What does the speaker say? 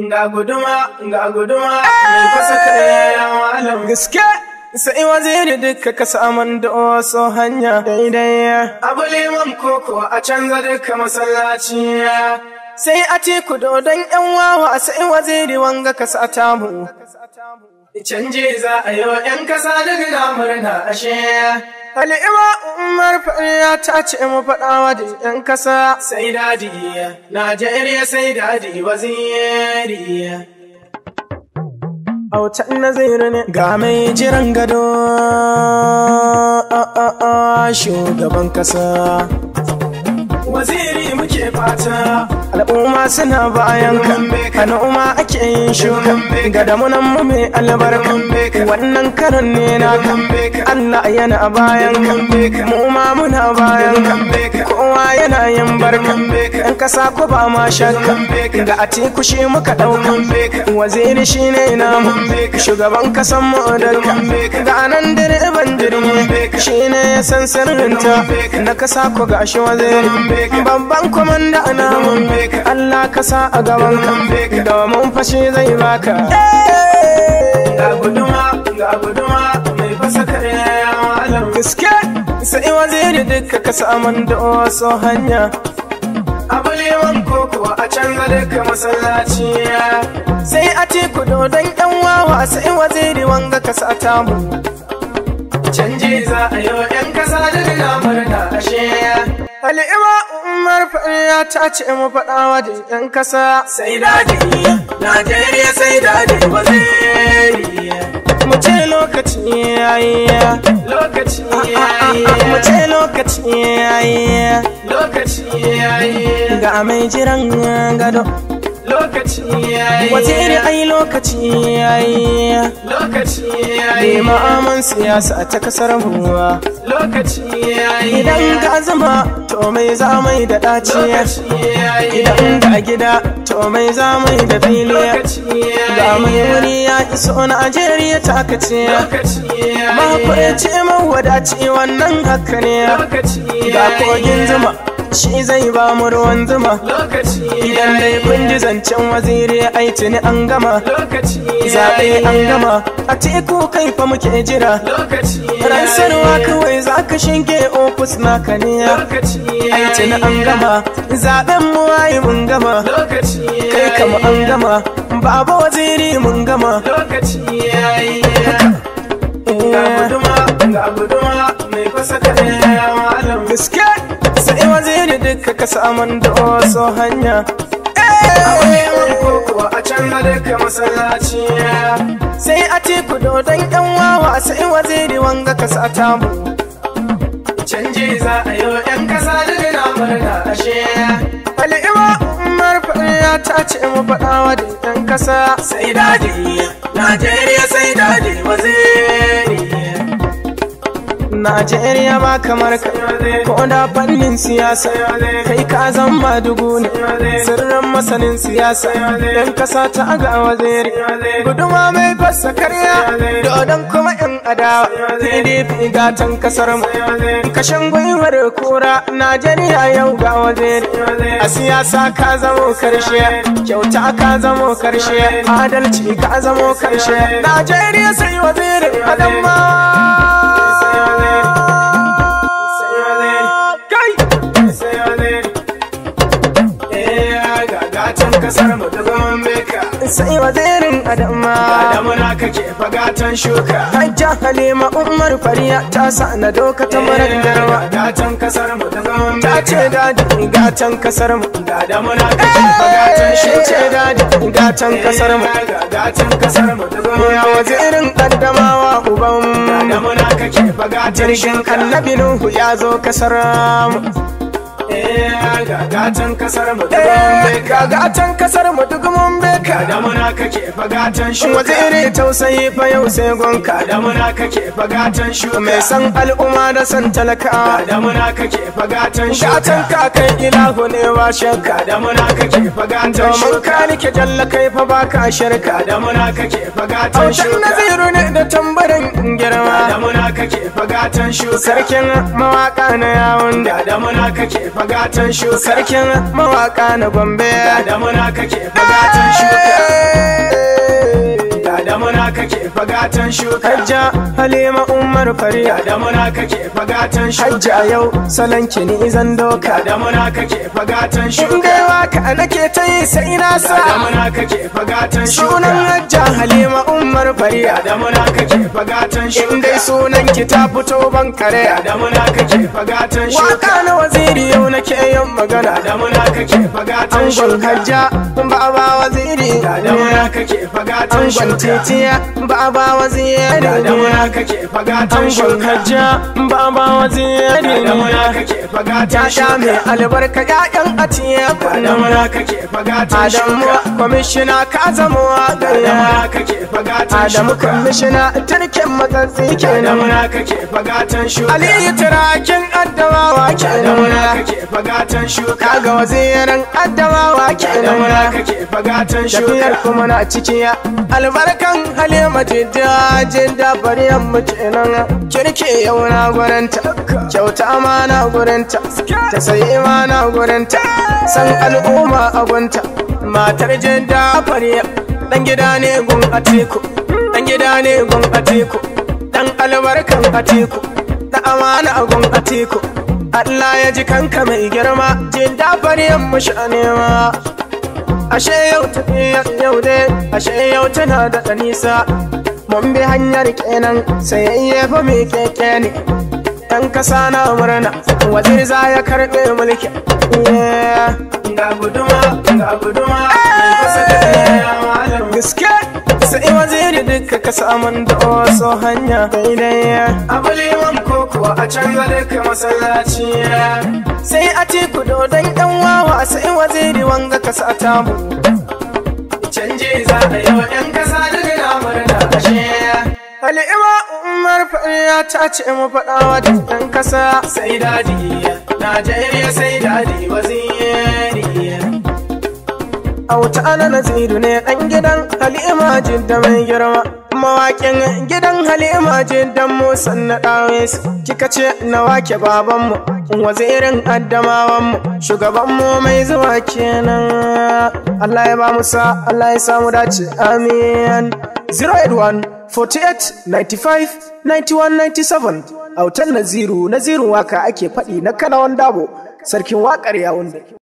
Nga guduma, guduma, mai kwasa kaya ya malam. Gaske! Sai waziri duka ka samun da wasu hanya daidai. Abu liman koko a canza duka masallaci sai a ce ku dodon ‘yan wawa sai waziri wanga kasa tamu. Canje za a yi wa ‘yan kasa daga damar na ashe. Al'iwa Umar Fariya ta ce mu faɗawa da ‘yan kasa. Sai dadi, Najeriya sai dadi waziri. Autan ne. ga mai jiran gado, a a a shugaban kasa. waziri muke fata al'umma ma suna bayan ka a noma ake yin shuka ga damunan mu mai albarka wannan karan ne naka Allah yana bayan ka mu ma muna bayan ka kowa yana yin barka in sa ko ba ma shakka ga atiku shi muka dauka waziri shi ne namu shugaban kasan mu dalka ga anan direban ban shi ne ya san sirrinta na kasa ko ga shi waziri babban komanda namu Allah Allah kasa a gaban ka domin fashe zai baka ga guduma ga guduma mai fasa kare ya malam gaske sai waziri duka ka samun da wasu hanya abalewan koko a canza duka masallaci sai a ci kudo don yan wawa sai waziri wanga ka sa mu. canje za a yi wa yan kasa da murna ashe Al'ima Umar Fariya ta ce mu faɗawa da ‘yan kasa. Sai daji, Najeriya sai daji ba zai Mu ce lokaci yayi, lokaci yayi. Mu ce lokaci yayi, lokaci yayi. Ga mai jiran gado. lokaci yayi waziri ai lokaci yayi lokaci yayi ma'aman siyasa ta kasar mu lokaci yayi idan ga zama to mai za mai da daciya idan ga gida to mai zamai da filiya ga mai wuri ya iso Najeriya ta kace ma ku ce mawadaci wannan haka ne ga kogin zama. shi zai ba mu ruwan zuma idan dai kun ji zancen waziri aiti ne an gama zaɓe an gama a teku kai fa muke jira ransarwa kawai za ka shinge ofis na kaniya Aiti ne an gama zaɓen mu waye mun gama kai kama an gama baba waziri mun gama lokaci yayi ga guduma ga guduma mai kusa kaɗaya waziri duka ka samun da wasu hanya sai a ci ku dodon yan wawa sai waziri wanga ka sa tamu canji za a yi wa yan kasa daga na murna ashe al'ima umar fariya ta ce mu faɗawa wa ɗan kasa sai daji najeriya sai daji waziri Najeriya ma kamar ka ko da fannin siyasa kai ka zama dugu ne sirrin masanin siyasa yan kasa ta ga waziri guduma mai fassa karya dodon kuma yan adawa PDP gatan kasar mu kashin gwiwar kura Najeriya yau ga waziri a siyasa ka zamo karshe kyauta ka zamo karshe adalci ka zamo karshe Najeriya sai waziri adamma sai wazirin adamma adamuna kake fagatan shuka hajja halima umar fariya ta sa na doka ta marar eh, garwa gatan kasar mu ta zama ta ce dadi gatan kasar mu ga adamuna kake eh, fagatan shuka ce dadi gatan kasar mu eh, gatan kasar mu ta zama wazirin adamawa uban adamuna kake fagatan shuka annabi nuhu ya zo kasar mu Eh, gagatan kasar mu gagatan kasar mu duk mun eh, bai ka. da muna kake bagatan shu waje iri tausayi fa yau sai gonka da muna kake bagatan shu mai san al'umma da san talaka da muna kake bagatan shu gatan ka kai ilahu ne wa shakka da muna kake bagatan shu mun ka nike jalla kai fa baka shirka da muna kake bagatan shu naziru da tambarin girma da muna kake fagatan shu sarkin mawaka na yawon da da muna kake fagatan shu sarkin mawaka na gombe da muna kake fagatan shu eh. da da muna kake kake fagatan shuka hajja halima umar da muna kake fagatan shuka hajja yau salon kini izan doka da muna kake fagatan shuka waka nake ta yi sai na sa da muna kake fagatan shuka sunan hajja halima umar fariya da muna kake fagatan shuka dai sunan ki ta fito ban kare da muna kake fagatan shuka waka na waziri yau nake yin magana da muna kake fagatan shuka hajja ba ba waziri da muna kake fagatan shuka titiya ba ba waziri da da kake fagatan ba ba waziri da da sha mai albarka yayan atiya da da kake fagatan shuka adamu kwamishina ka zamo gaya fagatan shuka Adamu kamishina turken matsatsi kenan Adamu na kake bagatan shuka Aliyu turakin addawawa kenan Adamu na kake fagatan shuka Kaga wazirin addawawa kenan Adamu na kake bagatan shuka Tafiyar kuma na ciki ya albarkan Halima jidajin dabariyar mu kenan Kirki yau na gurinta kyauta ma na gurinta ta sayi ma na gurinta san al'umma a gunta matar jin dabariyar dan gida ne gun atiku dan gida ne gun atiku dan albarkan atiku da amana a gun atiku Allah ya ji kanka mai girma jin dafar yamma sha nema ashe yau ta yau da ashe yau tana da nisa mun bi hanyar kenan sayayye fa mai keke ne dan kasa na murna wazir za ya karbe mulki ga guduma ga guduma mai kasa da gaske sai waziri duka ka samun da wasu hanya daidaiya eh. a bulewan ko kuwa a can duka masallaci eh. sai a ci kudo don yan wawa sai waziri wanga ka sa mu. canje za a yi wa yan kasa daga namar da ashe eh. Al'ima Umar Fariya ta ce mu faɗawa da ɗan kasa sai dadi Najeriya sai dadi waziri auta ana naziru ne ɗan gidan halima da mai girma mawaƙin gidan halima mu musa na ɗawes kika ce na wake babanmu wazirin addamawanmu shugabanmu mai zuwa kenan allah ya ba musa allah ya samu dace amin 081 48 95 91 97 autan naziru nazirin waka ake faɗi na kanawan dabo sarkin wakar yawon da